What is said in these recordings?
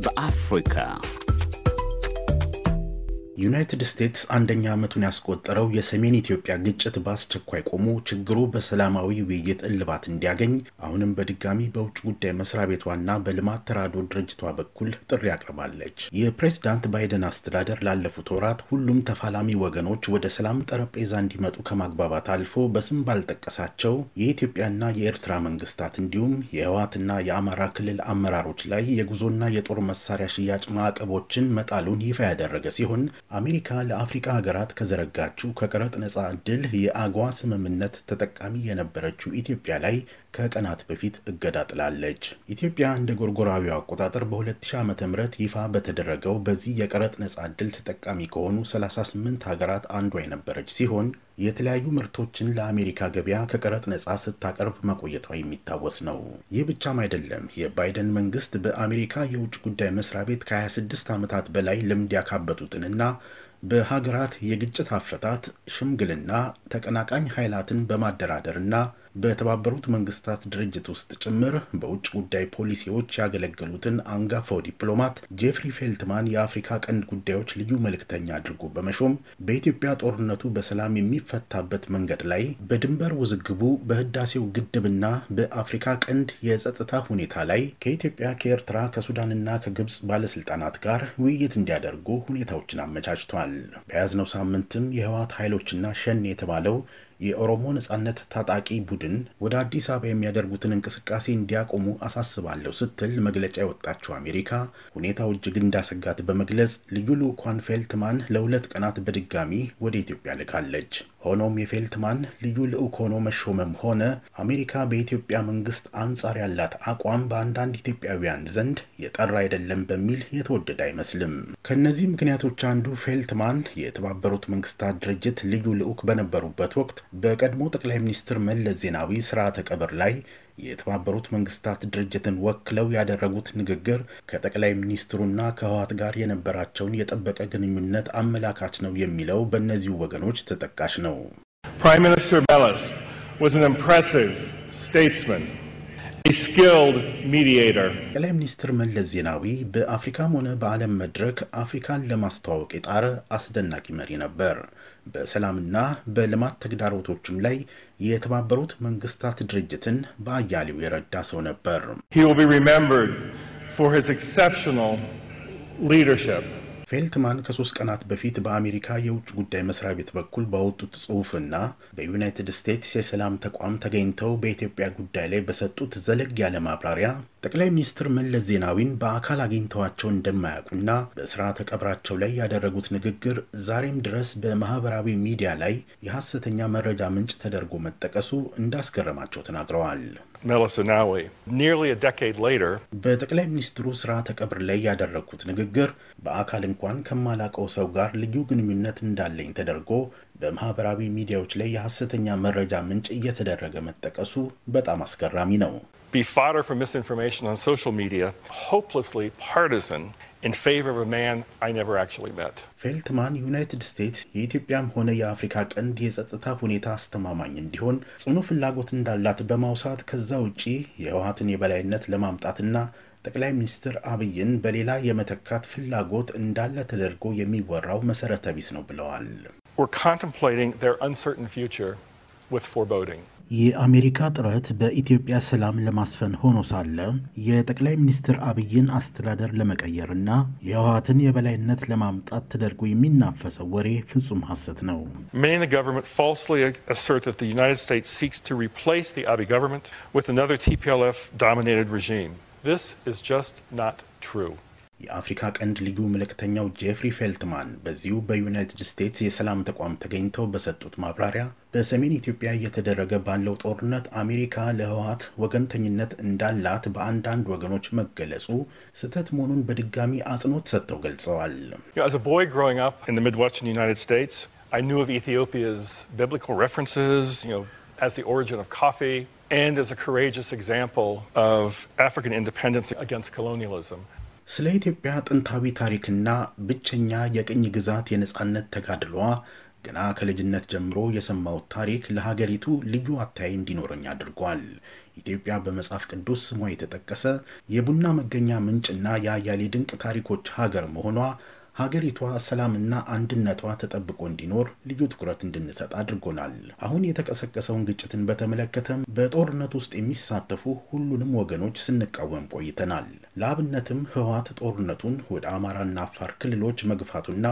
The Africa. ዩናይትድ ስቴትስ አንደኛ ዓመቱን ያስቆጠረው የሰሜን ኢትዮጵያ ግጭት በአስቸኳይ ቆሞ ችግሩ በሰላማዊ ውይይት እልባት እንዲያገኝ አሁንም በድጋሚ በውጭ ጉዳይ መስሪያ ቤቷና በልማት ተራድኦ ድርጅቷ በኩል ጥሪ አቅርባለች። የፕሬዝዳንት ባይደን አስተዳደር ላለፉት ወራት ሁሉም ተፋላሚ ወገኖች ወደ ሰላም ጠረጴዛ እንዲመጡ ከማግባባት አልፎ በስም ባልጠቀሳቸው የኢትዮጵያና የኤርትራ መንግስታት እንዲሁም የህወሓትና የአማራ ክልል አመራሮች ላይ የጉዞና የጦር መሳሪያ ሽያጭ ማዕቀቦችን መጣሉን ይፋ ያደረገ ሲሆን አሜሪካ ለአፍሪካ ሀገራት ከዘረጋችው ከቀረጥ ነፃ እድል የአጓ ስምምነት ተጠቃሚ የነበረችው ኢትዮጵያ ላይ ከቀናት በፊት እገዳ ጥላለች። ኢትዮጵያ እንደ ጎርጎራዊ አቆጣጠር በ2000 ዓ ም ይፋ በተደረገው በዚህ የቀረጥ ነፃ ድል ተጠቃሚ ከሆኑ 38 ሀገራት አንዷ የነበረች ሲሆን የተለያዩ ምርቶችን ለአሜሪካ ገበያ ከቀረጥ ነጻ ስታቀርብ መቆየቷ የሚታወስ ነው። ይህ ብቻም አይደለም። የባይደን መንግስት በአሜሪካ የውጭ ጉዳይ መስሪያ ቤት ከ26 ዓመታት በላይ ልምድ ያካበቱትንና በሀገራት የግጭት አፈታት ሽምግልና፣ ተቀናቃኝ ኃይላትን በማደራደርና በተባበሩት መንግስታት ድርጅት ውስጥ ጭምር በውጭ ጉዳይ ፖሊሲዎች ያገለገሉትን አንጋፋው ዲፕሎማት ጄፍሪ ፌልትማን የአፍሪካ ቀንድ ጉዳዮች ልዩ መልእክተኛ አድርጎ በመሾም በኢትዮጵያ ጦርነቱ በሰላም የሚፈታበት መንገድ ላይ በድንበር ውዝግቡ፣ በህዳሴው ግድብና በአፍሪካ ቀንድ የጸጥታ ሁኔታ ላይ ከኢትዮጵያ፣ ከኤርትራ፣ ከሱዳንና ከግብፅ ባለስልጣናት ጋር ውይይት እንዲያደርጉ ሁኔታዎችን አመቻችቷል። በያዝነው ሳምንትም የህወሓት ኃይሎችና ሸኔ የተባለው የኦሮሞ ነጻነት ታጣቂ ቡድን ወደ አዲስ አበባ የሚያደርጉትን እንቅስቃሴ እንዲያቆሙ አሳስባለሁ ስትል መግለጫ የወጣችው አሜሪካ ሁኔታው እጅግ እንዳሰጋት በመግለጽ ልዩ ልዑኳን ፌልትማን ለሁለት ቀናት በድጋሚ ወደ ኢትዮጵያ ልካለች። ሆኖም የፌልትማን ልዩ ልዑክ ሆኖ መሾመም ሆነ አሜሪካ በኢትዮጵያ መንግስት አንጻር ያላት አቋም በአንዳንድ ኢትዮጵያውያን ዘንድ የጠራ አይደለም በሚል የተወደደ አይመስልም። ከእነዚህ ምክንያቶች አንዱ ፌልትማን የተባበሩት መንግስታት ድርጅት ልዩ ልዑክ በነበሩበት ወቅት በቀድሞ ጠቅላይ ሚኒስትር መለስ ዜናዊ ስርዓተ ቀብር ላይ የተባበሩት መንግስታት ድርጅትን ወክለው ያደረጉት ንግግር ከጠቅላይ ሚኒስትሩና ከህወሓት ጋር የነበራቸውን የጠበቀ ግንኙነት አመላካች ነው የሚለው በእነዚሁ ወገኖች ተጠቃሽ ነው። ፕራይም ሚኒስትር መለስ was ጠቅላይ ሚኒስትር መለስ ዜናዊ በአፍሪካም ሆነ በዓለም መድረክ አፍሪካን ለማስተዋወቅ የጣረ አስደናቂ መሪ ነበር። በሰላምና በልማት ተግዳሮቶችም ላይ የተባበሩት መንግስታት ድርጅትን በአያሌው የረዳ ሰው ነበር። ፌልትማን ከሶስት ቀናት በፊት በአሜሪካ የውጭ ጉዳይ መስሪያ ቤት በኩል ባወጡት ጽሑፍና በዩናይትድ ስቴትስ የሰላም ተቋም ተገኝተው በኢትዮጵያ ጉዳይ ላይ በሰጡት ዘለግ ያለ ማብራሪያ ጠቅላይ ሚኒስትር መለስ ዜናዊን በአካል አግኝተዋቸው እንደማያውቁና በስርዓተ ቀብራቸው ላይ ያደረጉት ንግግር ዛሬም ድረስ በማህበራዊ ሚዲያ ላይ የሐሰተኛ መረጃ ምንጭ ተደርጎ መጠቀሱ እንዳስገረማቸው ተናግረዋል። በጠቅላይ ሚኒስትሩ ስርዓተ ቀብር ላይ ያደረግኩት ንግግር በአካል እንኳን ከማላቀው ሰው ጋር ልዩ ግንኙነት እንዳለኝ ተደርጎ በማህበራዊ ሚዲያዎች ላይ የሐሰተኛ መረጃ ምንጭ እየተደረገ መጠቀሱ በጣም አስገራሚ ነው። in favor of a man I never actually met. ፌልትማን ዩናይትድ ስቴትስ የኢትዮጵያም ሆነ የአፍሪካ ቀንድ የጸጥታ ሁኔታ አስተማማኝ እንዲሆን ጽኑ ፍላጎት እንዳላት በማውሳት ከዛ ውጪ የህወሀትን የበላይነት ለማምጣትና ጠቅላይ ሚኒስትር አብይን በሌላ የመተካት ፍላጎት እንዳለ ተደርጎ የሚወራው መሰረተ ቢስ ነው ብለዋል። We're contemplating their uncertain future with foreboding. የአሜሪካ ጥረት በኢትዮጵያ ሰላም ለማስፈን ሆኖ ሳለ የጠቅላይ ሚኒስትር አብይን አስተዳደር ለመቀየርና የህወሓትን የበላይነት ለማምጣት ተደርጎ የሚናፈሰው ወሬ ፍጹም ሐሰት ነው። የአፍሪካ ቀንድ ልዩ መልእክተኛው ጄፍሪ ፌልትማን በዚሁ በዩናይትድ ስቴትስ የሰላም ተቋም ተገኝተው በሰጡት ማብራሪያ በሰሜን ኢትዮጵያ እየተደረገ ባለው ጦርነት አሜሪካ ለህወሀት ወገንተኝነት እንዳላት በአንዳንድ ወገኖች መገለጹ ስህተት መሆኑን በድጋሚ አጽንኦት ሰጥተው ገልጸዋል። as the origin of coffee and as a courageous example of African independence against colonialism. ስለ ኢትዮጵያ ጥንታዊ ታሪክና ብቸኛ የቅኝ ግዛት የነፃነት ተጋድሏ ገና ከልጅነት ጀምሮ የሰማሁት ታሪክ ለሀገሪቱ ልዩ አታይ እንዲኖረኝ አድርጓል። ኢትዮጵያ በመጽሐፍ ቅዱስ ስሟ የተጠቀሰ የቡና መገኛ ምንጭና የአያሌ ድንቅ ታሪኮች ሀገር መሆኗ ሀገሪቷ ሰላምና አንድነቷ ተጠብቆ እንዲኖር ልዩ ትኩረት እንድንሰጥ አድርጎናል። አሁን የተቀሰቀሰውን ግጭትን በተመለከተም በጦርነት ውስጥ የሚሳተፉ ሁሉንም ወገኖች ስንቃወም ቆይተናል። ለአብነትም ህወሓት ጦርነቱን ወደ አማራና አፋር ክልሎች መግፋቱና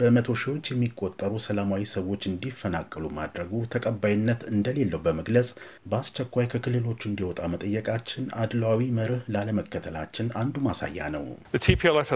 በመቶ ሺዎች የሚቆጠሩ ሰላማዊ ሰዎች እንዲፈናቀሉ ማድረጉ ተቀባይነት እንደሌለው በመግለጽ በአስቸኳይ ከክልሎቹ እንዲወጣ መጠየቃችን አድሏዊ መርህ ላለመከተላችን አንዱ ማሳያ ነው። ቲፒኤልኤፍ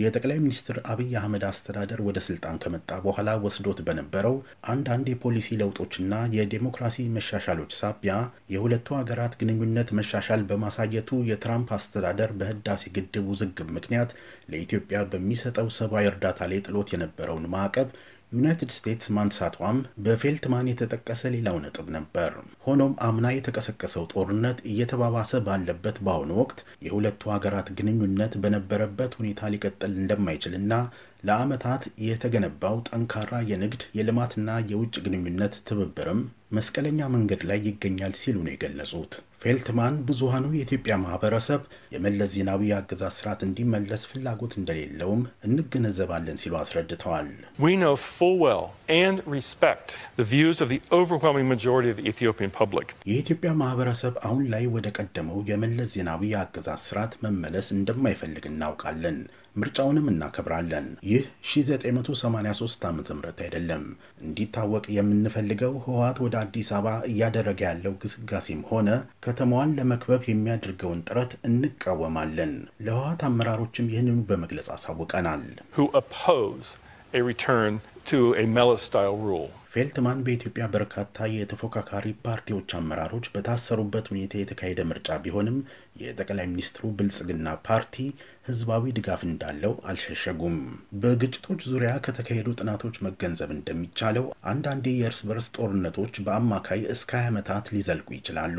የጠቅላይ ሚኒስትር አብይ አህመድ አስተዳደር ወደ ስልጣን ከመጣ በኋላ ወስዶት በነበረው አንዳንድ የፖሊሲ ለውጦችና የዴሞክራሲ መሻሻሎች ሳቢያ የሁለቱ ሀገራት ግንኙነት መሻሻል በማሳየቱ የትራምፕ አስተዳደር በህዳሴ ግድብ ውዝግብ ምክንያት ለኢትዮጵያ በሚሰጠው ሰብአዊ እርዳታ ላይ ጥሎት የነበረውን ማዕቀብ ዩናይትድ ስቴትስ ማንሳቷም በፌልትማን የተጠቀሰ ሌላው ነጥብ ነበር። ሆኖም አምና የተቀሰቀሰው ጦርነት እየተባባሰ ባለበት በአሁኑ ወቅት የሁለቱ ሀገራት ግንኙነት በነበረበት ሁኔታ ሊቀጥል እንደማይችልና ለዓመታት የተገነባው ጠንካራ የንግድ የልማትና የውጭ ግንኙነት ትብብርም መስቀለኛ መንገድ ላይ ይገኛል ሲሉ ነው የገለጹት። ፌልትማን ብዙሃኑ የኢትዮጵያ ማህበረሰብ የመለስ ዜናዊ አገዛዝ ስርዓት እንዲመለስ ፍላጎት እንደሌለውም እንገነዘባለን ሲሉ አስረድተዋል። የኢትዮጵያ ማህበረሰብ አሁን ላይ ወደ ቀደመው የመለስ ዜናዊ አገዛዝ ስርዓት መመለስ እንደማይፈልግ እናውቃለን። ምርጫውንም እናከብራለን። ይህ 1983 ዓ ም አይደለም። እንዲታወቅ የምንፈልገው ህወሓት ወደ አዲስ አበባ እያደረገ ያለው ግስጋሴም ሆነ ከተማዋን ለመክበብ የሚያደርገውን ጥረት እንቃወማለን። ለህወሓት አመራሮችም ይህንኑ በመግለጽ አሳውቀናል። ፌልትማን በኢትዮጵያ በርካታ የተፎካካሪ ፓርቲዎች አመራሮች በታሰሩበት ሁኔታ የተካሄደ ምርጫ ቢሆንም የጠቅላይ ሚኒስትሩ ብልጽግና ፓርቲ ሕዝባዊ ድጋፍ እንዳለው አልሸሸጉም። በግጭቶች ዙሪያ ከተካሄዱ ጥናቶች መገንዘብ እንደሚቻለው አንዳንዴ የእርስ በርስ ጦርነቶች በአማካይ እስከ 20 ዓመታት ሊዘልቁ ይችላሉ።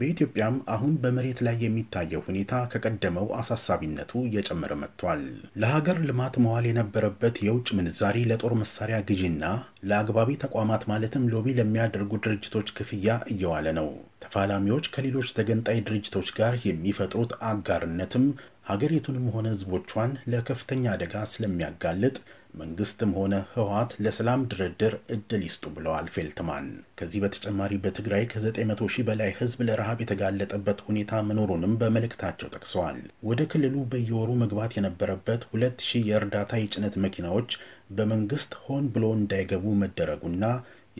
በኢትዮጵያም አሁን በመሬት ላይ የሚታየው ሁኔታ ከቀደመው አሳሳቢነቱ እየጨመረ መጥቷል። ለሀገር ልማት መዋል የነበረበት የውጭ ምንዛሪ ለጦር መሳሪያ ግዢና ለአግባቢ ተቋማት ማለትም ሎቢ ለሚያደርጉ ድርጅቶች ክፍያ እየዋለ ነው። ተፋላሚዎች ከሌሎች ተገንጣይ ድርጅቶች ጋር የሚፈጥሩት አጋርነትም ሀገሪቱንም ሆነ ህዝቦቿን ለከፍተኛ አደጋ ስለሚያጋልጥ መንግስትም ሆነ ህወሀት ለሰላም ድርድር እድል ይስጡ ብለዋል ፌልትማን። ከዚህ በተጨማሪ በትግራይ ከ900 ሺህ በላይ ህዝብ ለረሃብ የተጋለጠበት ሁኔታ መኖሩንም በመልእክታቸው ጠቅሰዋል። ወደ ክልሉ በየወሩ መግባት የነበረበት ሁለት የእርዳታ የጭነት መኪናዎች በመንግስት ሆን ብሎ እንዳይገቡ መደረጉና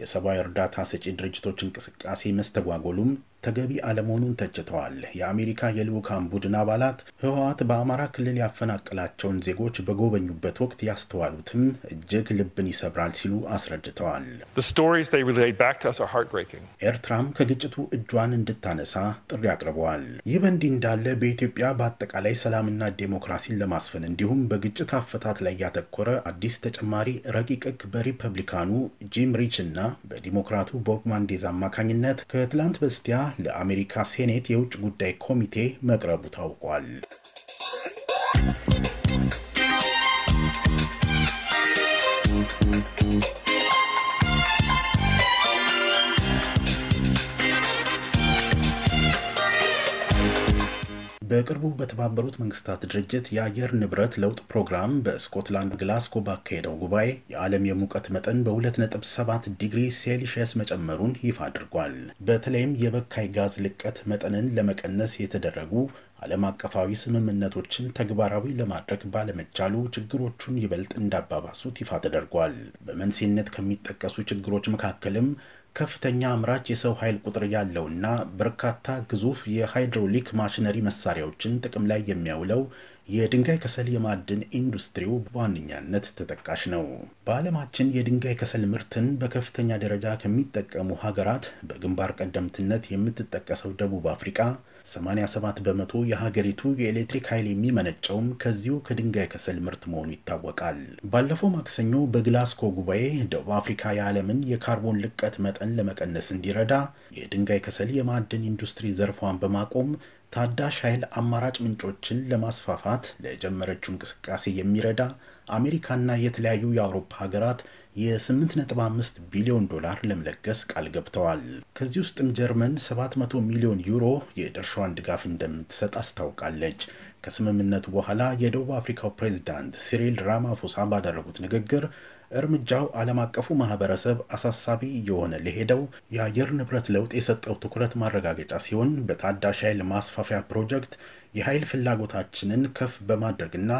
የሰብአዊ እርዳታ ሰጪ ድርጅቶች እንቅስቃሴ መስተጓጎሉም ተገቢ አለመሆኑን ተችተዋል። የአሜሪካ የልዑካን ቡድን አባላት ህወሓት በአማራ ክልል ያፈናቀላቸውን ዜጎች በጎበኙበት ወቅት ያስተዋሉትም እጅግ ልብን ይሰብራል ሲሉ አስረድተዋል። ኤርትራም ከግጭቱ እጇን እንድታነሳ ጥሪ አቅርበዋል። ይህ በእንዲህ እንዳለ በኢትዮጵያ በአጠቃላይ ሰላምና ዴሞክራሲን ለማስፈን እንዲሁም በግጭት አፈታት ላይ ያተኮረ አዲስ ተጨማሪ ረቂቅ ህግ በሪፐብሊካኑ ጂም ሪች እና በዲሞክራቱ ቦብ ማንዴዝ አማካኝነት ከትላንት በስቲያ ለአሜሪካ ሴኔት የውጭ ጉዳይ ኮሚቴ መቅረቡ ታውቋል። በቅርቡ በተባበሩት መንግስታት ድርጅት የአየር ንብረት ለውጥ ፕሮግራም በስኮትላንድ ግላስጎ ባካሄደው ጉባኤ የዓለም የሙቀት መጠን በ2.7 ዲግሪ ሴልሺየስ መጨመሩን ይፋ አድርጓል። በተለይም የበካይ ጋዝ ልቀት መጠንን ለመቀነስ የተደረጉ ዓለም አቀፋዊ ስምምነቶችን ተግባራዊ ለማድረግ ባለመቻሉ ችግሮቹን ይበልጥ እንዳባባሱት ይፋ ተደርጓል። በመንስኤነት ከሚጠቀሱ ችግሮች መካከልም ከፍተኛ አምራች የሰው ኃይል ቁጥር ያለውና በርካታ ግዙፍ የሃይድሮሊክ ማሽነሪ መሳሪያዎችን ጥቅም ላይ የሚያውለው የድንጋይ ከሰል የማዕድን ኢንዱስትሪው በዋነኛነት ተጠቃሽ ነው። በዓለማችን የድንጋይ ከሰል ምርትን በከፍተኛ ደረጃ ከሚጠቀሙ ሀገራት በግንባር ቀደምትነት የምትጠቀሰው ደቡብ አፍሪካ 87 በመቶ የሀገሪቱ የኤሌክትሪክ ኃይል የሚመነጨውም ከዚሁ ከድንጋይ ከሰል ምርት መሆኑ ይታወቃል። ባለፈው ማክሰኞ በግላስኮ ጉባኤ ደቡብ አፍሪካ የዓለምን የካርቦን ልቀት መጠን ለመቀነስ እንዲረዳ የድንጋይ ከሰል የማዕድን ኢንዱስትሪ ዘርፏን በማቆም ታዳሽ ኃይል አማራጭ ምንጮችን ለማስፋፋት ለጀመረችው እንቅስቃሴ የሚረዳ አሜሪካና የተለያዩ የአውሮፓ ሀገራት የ8.5 ቢሊዮን ዶላር ለመለገስ ቃል ገብተዋል። ከዚህ ውስጥም ጀርመን 700 ሚሊዮን ዩሮ የድርሻዋን ድጋፍ እንደምትሰጥ አስታውቃለች። ከስምምነቱ በኋላ የደቡብ አፍሪካው ፕሬዝዳንት ሲሪል ራማፎሳ ባደረጉት ንግግር እርምጃው ዓለም አቀፉ ማህበረሰብ አሳሳቢ እየሆነ ለሄደው የአየር ንብረት ለውጥ የሰጠው ትኩረት ማረጋገጫ ሲሆን በታዳሽ ኃይል ማስፋፊያ ፕሮጀክት የኃይል ፍላጎታችንን ከፍ በማድረግና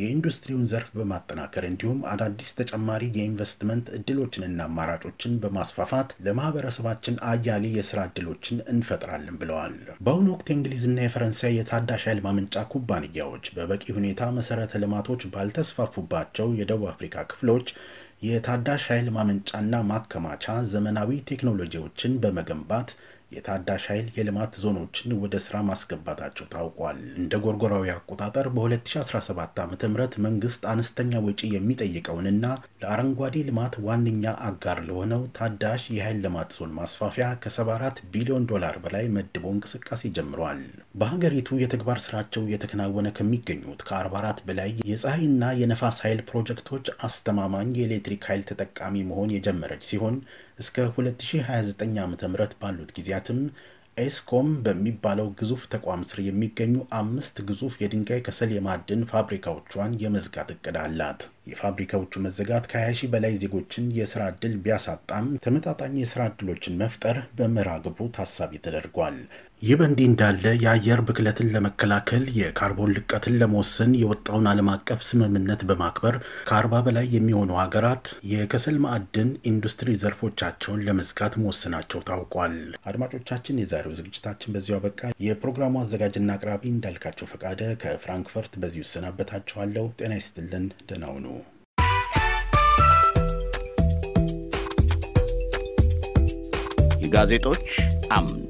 የኢንዱስትሪውን ዘርፍ በማጠናከር እንዲሁም አዳዲስ ተጨማሪ የኢንቨስትመንት እድሎችንና አማራጮችን በማስፋፋት ለማህበረሰባችን አያሌ የስራ እድሎችን እንፈጥራለን ብለዋል። በአሁኑ ወቅት የእንግሊዝና የፈረንሳይ የታዳሽ ኃይል ማመንጫ ኩባንያዎች በበቂ ሁኔታ መሰረተ ልማቶች ባልተስፋፉባቸው የደቡብ አፍሪካ ክፍሎች የታዳሽ ኃይል ማመንጫና ማከማቻ ዘመናዊ ቴክኖሎጂዎችን በመገንባት የታዳሽ ኃይል የልማት ዞኖችን ወደ ስራ ማስገባታቸው ታውቋል። እንደ ጎርጎራዊ አቆጣጠር በ2017 ዓ ም መንግስት አነስተኛ ወጪ የሚጠይቀውንና ለአረንጓዴ ልማት ዋነኛ አጋር ለሆነው ታዳሽ የኃይል ልማት ዞን ማስፋፊያ ከ74 ቢሊዮን ዶላር በላይ መድቦ እንቅስቃሴ ጀምሯል። በሀገሪቱ የተግባር ስራቸው እየተከናወነ ከሚገኙት ከ44 በላይ የፀሐይና የነፋስ ኃይል ፕሮጀክቶች አስተማማኝ የኤሌክትሪክ ኃይል ተጠቃሚ መሆን የጀመረች ሲሆን እስከ 2029 ዓ ም ባሉት ጊዜያትም ኤስኮም በሚባለው ግዙፍ ተቋም ስር የሚገኙ አምስት ግዙፍ የድንጋይ ከሰል የማዕድን ፋብሪካዎቿን የመዝጋት እቅድ አላት። የፋብሪካዎቹ መዘጋት ከ20 ሺህ በላይ ዜጎችን የስራ እድል ቢያሳጣም ተመጣጣኝ የስራ እድሎችን መፍጠር በመርሃ ግብሩ ታሳቢ ተደርጓል። ይህ በእንዲህ እንዳለ የአየር ብክለትን ለመከላከል የካርቦን ልቀትን ለመወሰን የወጣውን ዓለም አቀፍ ስምምነት በማክበር ከአርባ በላይ የሚሆኑ ሀገራት የከሰል ማዕድን ኢንዱስትሪ ዘርፎቻቸውን ለመዝጋት መወሰናቸው ታውቋል። አድማጮቻችን፣ የዛሬው ዝግጅታችን በዚሁ አበቃ። የፕሮግራሙ አዘጋጅና አቅራቢ እንዳልካቸው ፈቃደ ከፍራንክፈርት በዚሁ ይሰናበታችኋለሁ። ጤና ይስጥልን። ደህና ሁኑ። ጋዜጦች አምድ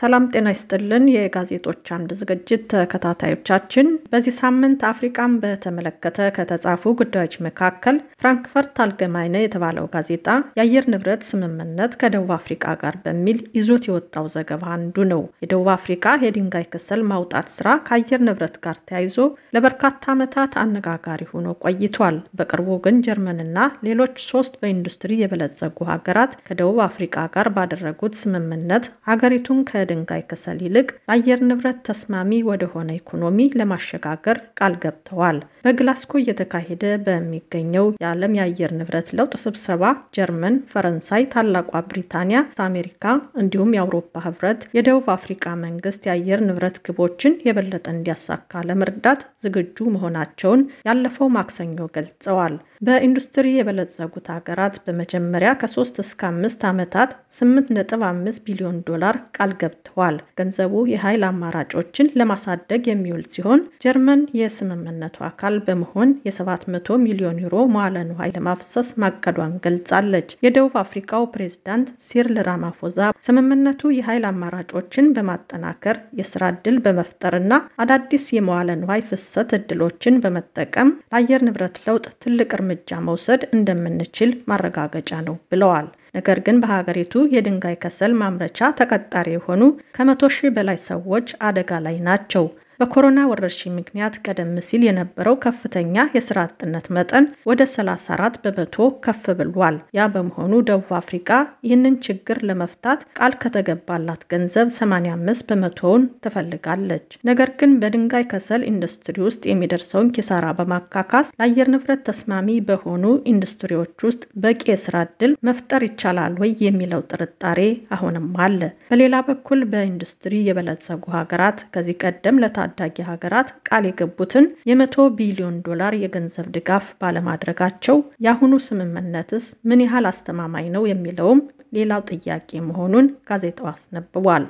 ሰላም ጤና ይስጥልን። የጋዜጦች አምድ ዝግጅት ተከታታዮቻችን፣ በዚህ ሳምንት አፍሪቃን በተመለከተ ከተጻፉ ጉዳዮች መካከል ፍራንክፈርት አልገማይነ የተባለው ጋዜጣ የአየር ንብረት ስምምነት ከደቡብ አፍሪቃ ጋር በሚል ይዞት የወጣው ዘገባ አንዱ ነው። የደቡብ አፍሪካ የድንጋይ ከሰል ማውጣት ስራ ከአየር ንብረት ጋር ተያይዞ ለበርካታ ዓመታት አነጋጋሪ ሆኖ ቆይቷል። በቅርቡ ግን ጀርመንና ሌሎች ሶስት በኢንዱስትሪ የበለጸጉ ሀገራት ከደቡብ አፍሪቃ ጋር ባደረጉት ስምምነት ሀገሪቱን ከ ከድንጋይ ከሰል ይልቅ አየር ንብረት ተስማሚ ወደሆነ ኢኮኖሚ ለማሸጋገር ቃል ገብተዋል። በግላስኮ እየተካሄደ በሚገኘው የዓለም የአየር ንብረት ለውጥ ስብሰባ ጀርመን፣ ፈረንሳይ፣ ታላቋ ብሪታንያ፣ አሜሪካ እንዲሁም የአውሮፓ ህብረት የደቡብ አፍሪካ መንግስት የአየር ንብረት ግቦችን የበለጠ እንዲያሳካ ለመርዳት ዝግጁ መሆናቸውን ያለፈው ማክሰኞ ገልጸዋል። በኢንዱስትሪ የበለጸጉት ሀገራት በመጀመሪያ ከ3 እስከ 5 ዓመታት 8.5 ቢሊዮን ዶላር ቃል ገብ ተመልክተዋል። ገንዘቡ የኃይል አማራጮችን ለማሳደግ የሚውል ሲሆን ጀርመን የስምምነቱ አካል በመሆን የ700 ሚሊዮን ዩሮ መዋለ ንዋይ ለማፍሰስ ማቀዷን ገልጻለች። የደቡብ አፍሪካው ፕሬዝዳንት ሲርል ራማፎዛ ስምምነቱ የኃይል አማራጮችን በማጠናከር የስራ ዕድል በመፍጠርና አዳዲስ የመዋለ ንዋይ ፍሰት ዕድሎችን በመጠቀም ለአየር ንብረት ለውጥ ትልቅ እርምጃ መውሰድ እንደምንችል ማረጋገጫ ነው ብለዋል። ነገር ግን በሀገሪቱ የድንጋይ ከሰል ማምረቻ ተቀጣሪ የሆኑ ከመቶ ሺህ በላይ ሰዎች አደጋ ላይ ናቸው። በኮሮና ወረርሽኝ ምክንያት ቀደም ሲል የነበረው ከፍተኛ የስራ አጥነት መጠን ወደ 34 በመቶ ከፍ ብሏል። ያ በመሆኑ ደቡብ አፍሪካ ይህንን ችግር ለመፍታት ቃል ከተገባላት ገንዘብ 85 በመቶውን ትፈልጋለች። ነገር ግን በድንጋይ ከሰል ኢንዱስትሪ ውስጥ የሚደርሰውን ኪሳራ በማካካስ ለአየር ንብረት ተስማሚ በሆኑ ኢንዱስትሪዎች ውስጥ በቂ የስራ እድል መፍጠር ይቻላል ወይ የሚለው ጥርጣሬ አሁንም አለ። በሌላ በኩል በኢንዱስትሪ የበለጸጉ ሀገራት ከዚህ ቀደም ለታ ታዳጊ ሀገራት ቃል የገቡትን የመቶ ቢሊዮን ዶላር የገንዘብ ድጋፍ ባለማድረጋቸው የአሁኑ ስምምነትስ ምን ያህል አስተማማኝ ነው የሚለውም ሌላው ጥያቄ መሆኑን ጋዜጣው አስነብቧል።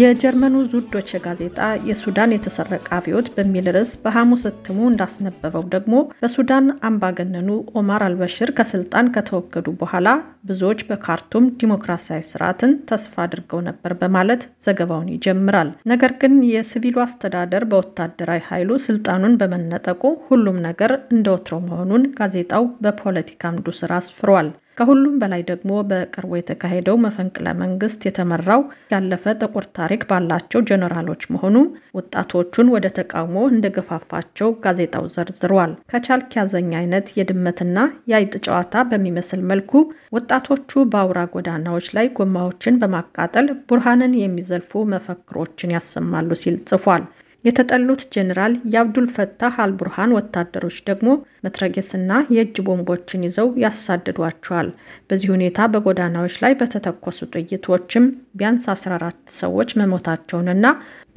የጀርመኑ ዙዶች ጋዜጣ የሱዳን የተሰረቀ አብዮት በሚል ርዕስ በሐሙስ እትሙ እንዳስነበበው ደግሞ በሱዳን አምባገነኑ ኦማር አልበሽር ከስልጣን ከተወገዱ በኋላ ብዙዎች በካርቱም ዲሞክራሲያዊ ስርዓትን ተስፋ አድርገው ነበር በማለት ዘገባውን ይጀምራል። ነገር ግን የሲቪሉ አስተዳደር በወታደራዊ ኃይሉ ስልጣኑን በመነጠቁ ሁሉም ነገር እንደወትሮ መሆኑን ጋዜጣው በፖለቲካ አምዱ ስራ አስፍሯል። ከሁሉም በላይ ደግሞ በቅርቡ የተካሄደው መፈንቅለ መንግስት የተመራው ያለፈ ጥቁር ታሪክ ባላቸው ጀኔራሎች መሆኑ ወጣቶቹን ወደ ተቃውሞ እንደገፋፋቸው ጋዜጣው ዘርዝሯል። ከቻልክ ያዘኝ አይነት የድመትና የአይጥ ጨዋታ በሚመስል መልኩ ወጣቶቹ በአውራ ጎዳናዎች ላይ ጎማዎችን በማቃጠል ቡርሃንን የሚዘልፉ መፈክሮችን ያሰማሉ ሲል ጽፏል። የተጠሉት ጄኔራል የአብዱል ፈታህ አልቡርሃን ወታደሮች ደግሞ መትረጌስና የእጅ ቦምቦችን ይዘው ያሳድዷቸዋል። በዚህ ሁኔታ በጎዳናዎች ላይ በተተኮሱ ጥይቶችም ቢያንስ 14 ሰዎች መሞታቸውንና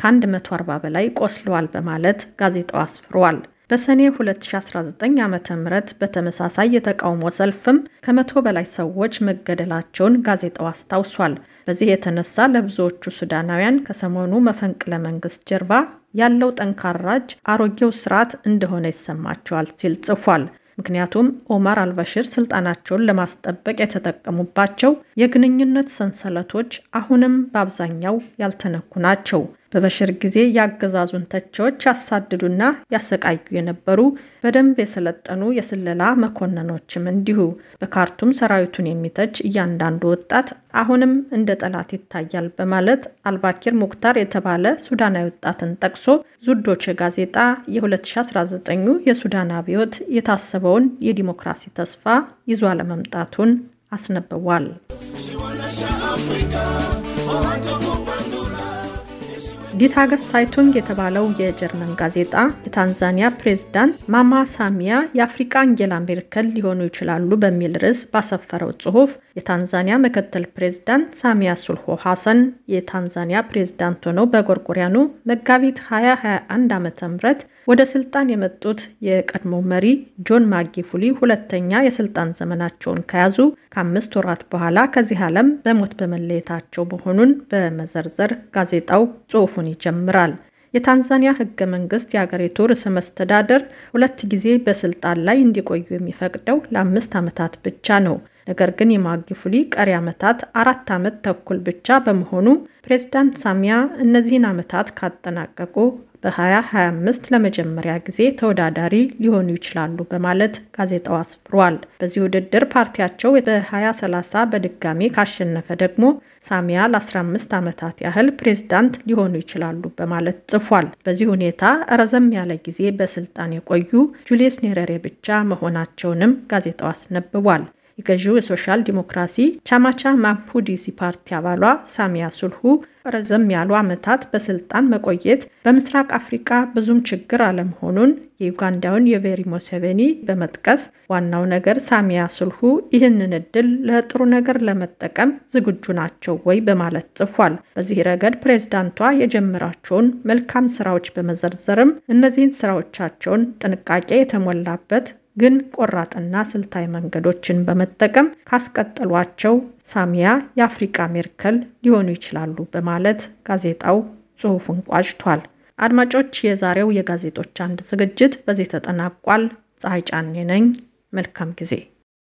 ከ140 በላይ ቆስለዋል በማለት ጋዜጣው አስፍሯል። በሰኔ 2019 ዓ ም በተመሳሳይ የተቃውሞ ሰልፍም ከመቶ በላይ ሰዎች መገደላቸውን ጋዜጣው አስታውሷል። በዚህ የተነሳ ለብዙዎቹ ሱዳናውያን ከሰሞኑ መፈንቅለ መንግስት ጀርባ ያለው ጠንካራ እጅ አሮጌው ስርዓት እንደሆነ ይሰማቸዋል ሲል ጽፏል። ምክንያቱም ኦማር አልበሽር ስልጣናቸውን ለማስጠበቅ የተጠቀሙባቸው የግንኙነት ሰንሰለቶች አሁንም በአብዛኛው ያልተነኩ ናቸው። በበሽር ጊዜ የአገዛዙን ተቺዎች ያሳድዱና ያሰቃዩ የነበሩ በደንብ የሰለጠኑ የስለላ መኮንኖችም እንዲሁ። በካርቱም ሰራዊቱን የሚተች እያንዳንዱ ወጣት አሁንም እንደ ጠላት ይታያል በማለት አልባኪር ሙክታር የተባለ ሱዳናዊ ወጣትን ጠቅሶ ዙዶቼ ጋዜጣ የ 2019 የሱዳን አብዮት የታሰበውን የዲሞክራሲ ተስፋ ይዞ አለመምጣቱን አስነብቧል። ዲታገሳይቱንግ የተባለው የጀርመን ጋዜጣ የታንዛኒያ ፕሬዝዳንት ማማ ሳሚያ የአፍሪቃ አንጌላ ሜርከል ሊሆኑ ይችላሉ በሚል ርዕስ ባሰፈረው ጽሑፍ የታንዛኒያ ምክትል ፕሬዝዳንት ሳሚያ ሱልሆ ሐሰን የታንዛኒያ ፕሬዝዳንት ሆነው በጎርጎሪያኑ መጋቢት 2021 ዓ ም ወደ ስልጣን የመጡት የቀድሞ መሪ ጆን ማጊፉሊ ሁለተኛ የስልጣን ዘመናቸውን ከያዙ ከአምስት ወራት በኋላ ከዚህ ዓለም በሞት በመለየታቸው መሆኑን በመዘርዘር ጋዜጣው ጽሑፉን ይጀምራል። የታንዛኒያ ህገ መንግስት የአገሪቱ ርዕሰ መስተዳደር ሁለት ጊዜ በስልጣን ላይ እንዲቆዩ የሚፈቅደው ለአምስት ዓመታት ብቻ ነው። ነገር ግን የማጊፉሊ ቀሪ ዓመታት አራት ዓመት ተኩል ብቻ በመሆኑ ፕሬዝዳንት ሳሚያ እነዚህን ዓመታት ካጠናቀቁ በ2025 ለመጀመሪያ ጊዜ ተወዳዳሪ ሊሆኑ ይችላሉ በማለት ጋዜጣው አስፍሯል። በዚህ ውድድር ፓርቲያቸው በ2030 በድጋሜ ካሸነፈ ደግሞ ሳሚያ ለ15 ዓመታት ያህል ፕሬዝዳንት ሊሆኑ ይችላሉ በማለት ጽፏል። በዚህ ሁኔታ ረዘም ያለ ጊዜ በስልጣን የቆዩ ጁልየስ ኔረሬ ብቻ መሆናቸውንም ጋዜጣው አስነብቧል። የገዢው የሶሻል ዲሞክራሲ ቻማቻ ማፑዲሲ ፓርቲ አባሏ ሳሚያ ሱልሁ ረዘም ያሉ ዓመታት በስልጣን መቆየት በምስራቅ አፍሪካ ብዙም ችግር አለመሆኑን የዩጋንዳውን የቬሪ ሙሴቬኒ በመጥቀስ ዋናው ነገር ሳሚያ ሱልሁ ይህንን እድል ለጥሩ ነገር ለመጠቀም ዝግጁ ናቸው ወይ በማለት ጽፏል። በዚህ ረገድ ፕሬዝዳንቷ የጀመራቸውን መልካም ስራዎች በመዘርዘርም እነዚህን ስራዎቻቸውን ጥንቃቄ የተሞላበት ግን ቆራጥና ስልታዊ መንገዶችን በመጠቀም ካስቀጠሏቸው ሳሚያ የአፍሪቃ ሜርከል ሊሆኑ ይችላሉ በማለት ጋዜጣው ጽሑፉን ቋጭቷል። አድማጮች፣ የዛሬው የጋዜጦች አንድ ዝግጅት በዚህ ተጠናቋል። ፀሐይ ጫኔ ነኝ። መልካም ጊዜ